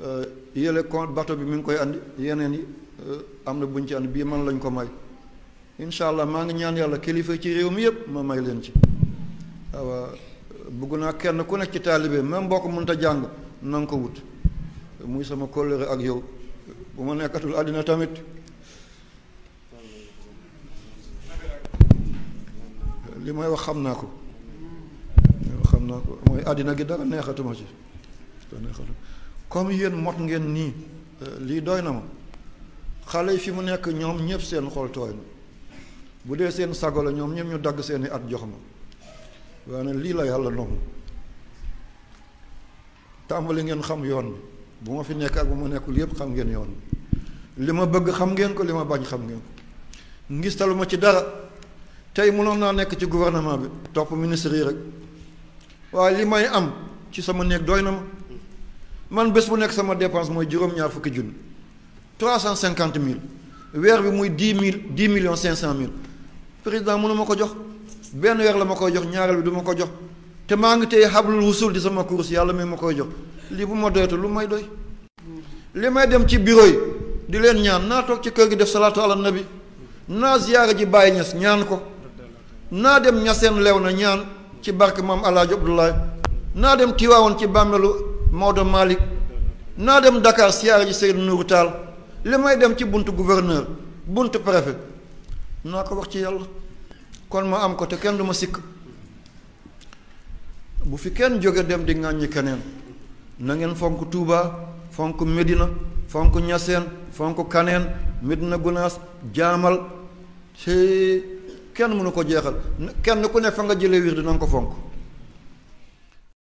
Euh, yële kon bato bi mu ngi koy andi yeneen yi euh, am na buñ ci andi bii man lañ ko may incha allah maa ngi ñaan yàlla kilifa ci réew mi yëpp ma may leen ci waaw bëgg naa kenn ku nekk ci taalibe même boo ko mënta jàng na nga ko wut muy sama kóllëre ak yow bu ma nekkatul àddina tamit li may wax xam naa ko xam naa mooy àddina gi dara neexatuma ci neexatuma comme yéen mot ngeen nii euh, lii doy na ma xale yi fi mu nekk ñoom ñëpp seen xol tooy na bu dee seen sago la ñoom ñëpp ñu dagg seeni at jox ma waaye lii la yàlla noonu tàmbali ngeen xam yoon bu ma fi nekk ak bu ma nekkul yépp xam ngeen yoon li ma bëgg xam ngeen ko li ma bañ xam ngeen ko ngistalu ma ci dara tey mënoon naa nekk ci gouvernement bi topp ministre yi rek waaye li may am ci sama néeg doy na ma man bés bu nekk sama dépense mooy juróom-ñaar fukki junni trois cent cinquante mille weer bi muy dix mille dix million cinq cent mille président mënu ma ko jox benn weer la ma koy jox ñaareel bi du ko jox te maa ngi tey xablul wusul di sama course yàlla mi ma koy jox lii bu ma doyatu lu may doy li may dem ci bureau yi di leen ñaan naa toog ci kër gi def salaatu ala nabi naa ziyaara ji bàyyi ñas ñaan ko naa dem ñaseen lew na ñaan ci barke maam alaaji abdoulaye Maodo malik naa dem Dakar siyaare ji Seydou Nourou taal li may dem ci bunt gouverneur bunt préfet naa ko wax ci yàlla kon ma am ko te kenn du ma sikk bu fi kenn jóge dem di ŋàññi keneen na ngeen fonk tuuba fonk Medina fonk Niassène fonk Kaneen Medina Gunaas jaamal te kenn mënu ko jeexal kenn ku ne fa nga jële wir dina nga ko fonk.